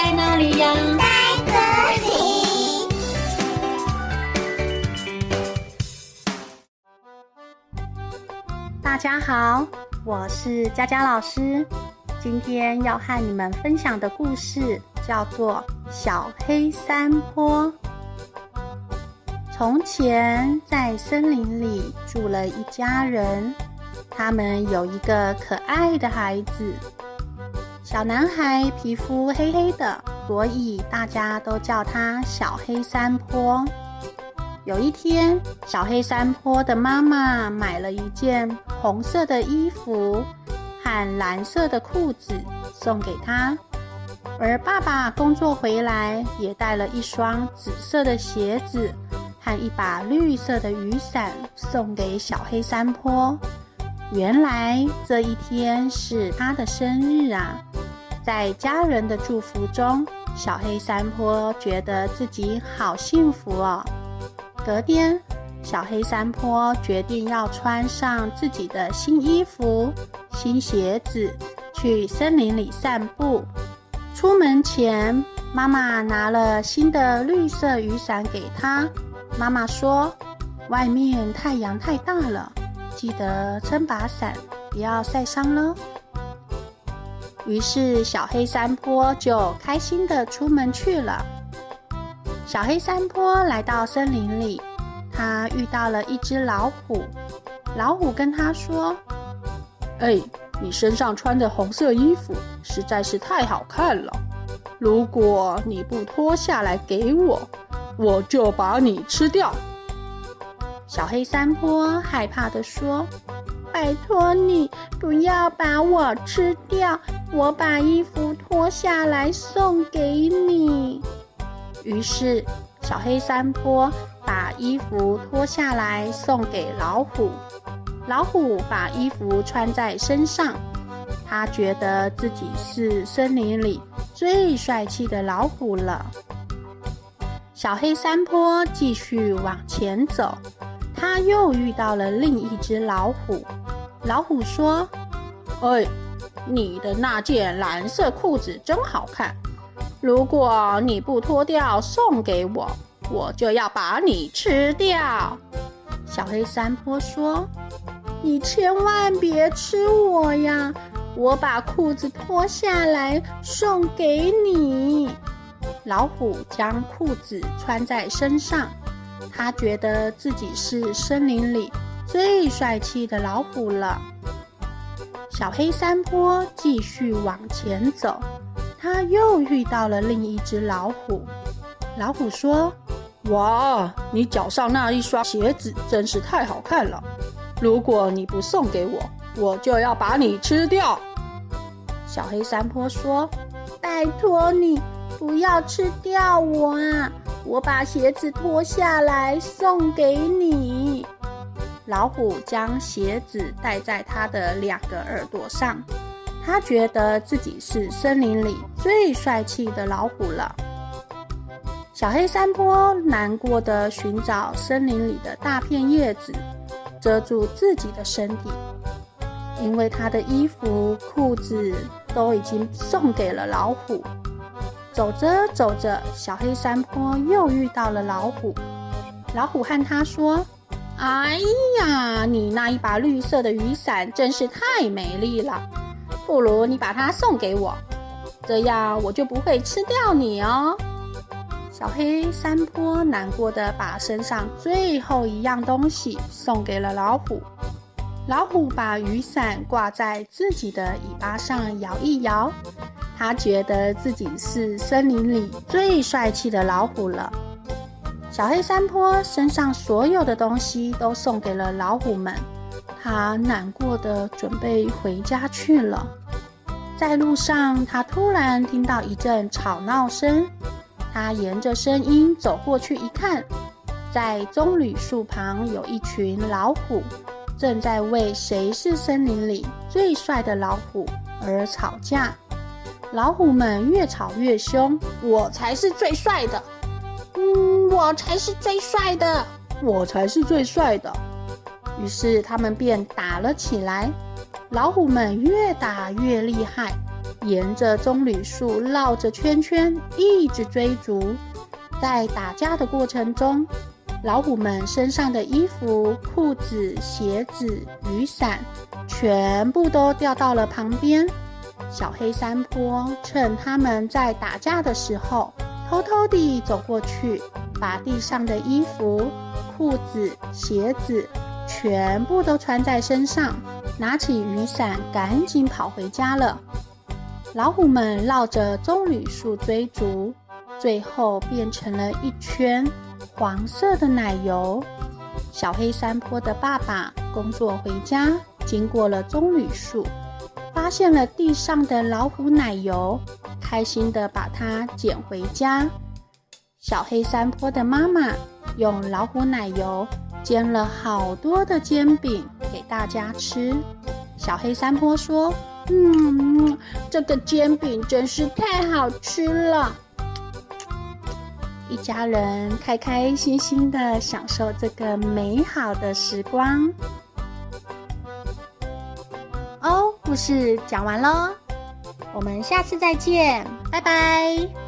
在哪裡呀？在這裡。大家好，我是佳佳老師。今天要和你們分享的故事叫做《小黑山坡》。從前，在森林裡住了一家人，他們有一個可愛的孩子。小男孩皮膚黑黑的，所以大家都叫他小黑山坡。有一天，小黑山坡的媽媽買了一件紅色的衣服和藍色的褲子送給他，而爸爸工作回來也帶了一雙紫色的鞋子和一把綠色的雨傘送給小黑山坡。原來這一天是他的生日啊！在家人的祝福中，小黑山坡覺得自己好幸福哦。隔天，小黑山坡決定要穿上自己的新衣服、新鞋子，去森林裡散步。出門前，媽媽拿了新的綠色雨傘給他。媽媽說：“外面太陽太大了，記得撐把傘，不要曬傷嘍。”於是，小黑山坡就開心地出門去了。小黑山坡來到森林裡，他遇到了一隻老虎。老虎跟他說：“哎，你身上穿的紅色衣服實在是太好看了。如果你不脫下來給我，我就把你吃掉。”小黑山坡害怕地說：“拜托你不要把我吃掉。”我把衣服脫下來送給你。於是，小黑山坡把衣服脫下來送給老虎。老虎把衣服穿在身上，他覺得自己是森林裡最帥氣的老虎了。小黑山坡繼續往前走，他又遇到了另一隻老虎。老虎說：“哎、欸。”你的那件藍色褲子真好看，如果你不脫掉送給我，我就要把你吃掉。”小黑山坡說，“你千萬別吃我呀！我把褲子脫下來送給你。”老虎將褲子穿在身上，他覺得自己是森林裡最帥氣的老虎了。小黑山坡繼續往前走，他又遇到了另一隻老虎。老虎說：“哇，你腳上那一雙鞋子真是太好看了！如果你不送給我，我就要把你吃掉。”小黑山坡說：“拜托你不要吃掉我啊！我把鞋子脫下來送給你。”老虎將鞋子戴在他的兩個耳朵上，他覺得自己是森林裡最帥氣的老虎了。小黑山坡難過的尋找森林裡的大片葉子，遮住自己的身體，因為他的衣服、褲子都已經送給了老虎。走着走着，小黑山坡又遇到了老虎。老虎和他說。哎呀，你那一把綠色的雨傘真是太美麗了，不如你把它送給我，這樣我就不會吃掉你哦。小黑山坡難過的把身上最後一樣東西送給了老虎，老虎把雨傘掛在自己的尾巴上搖一搖，他覺得自己是森林裡最帥氣的老虎了。小黑山坡身上所有的東西都送給了老虎們，他難過地準備回家去了。在路上，他突然聽到一陣吵鬧聲，他沿着聲音走過去一看，在棕櫚樹旁有一群老虎，正在為誰是森林裡最帥的老虎而吵架。老虎們越吵越凶，我才是最帥的。嗯，我才是最帥的，我才是最帥的。於是他們便打了起來。老虎們越打越厲害，沿着棕櫚樹繞着圈圈，一直追逐。在打架的過程中，老虎們身上的衣服、褲子、鞋子、雨傘，全部都掉到了旁邊。小黑山坡趁他們在打架的時候，偷偷地走過去，把地上的衣服、褲子、鞋子全部都穿在身上，拿起雨傘，趕緊跑回家了。老虎們繞着棕櫚樹追逐，最後變成了一圈黃色的奶油。小黑山坡的爸爸工作回家，經過了棕櫚樹，發現了地上的老虎奶油。開心的把它撿回家。小黑山坡的媽媽用老虎奶油煎了好多的煎餅給大家吃。小黑山坡說：“嗯，這個煎餅真是太好吃了。”一家人開開心心的享受這個美好的時光。哦，故事講完囉。我們下次再見，拜拜。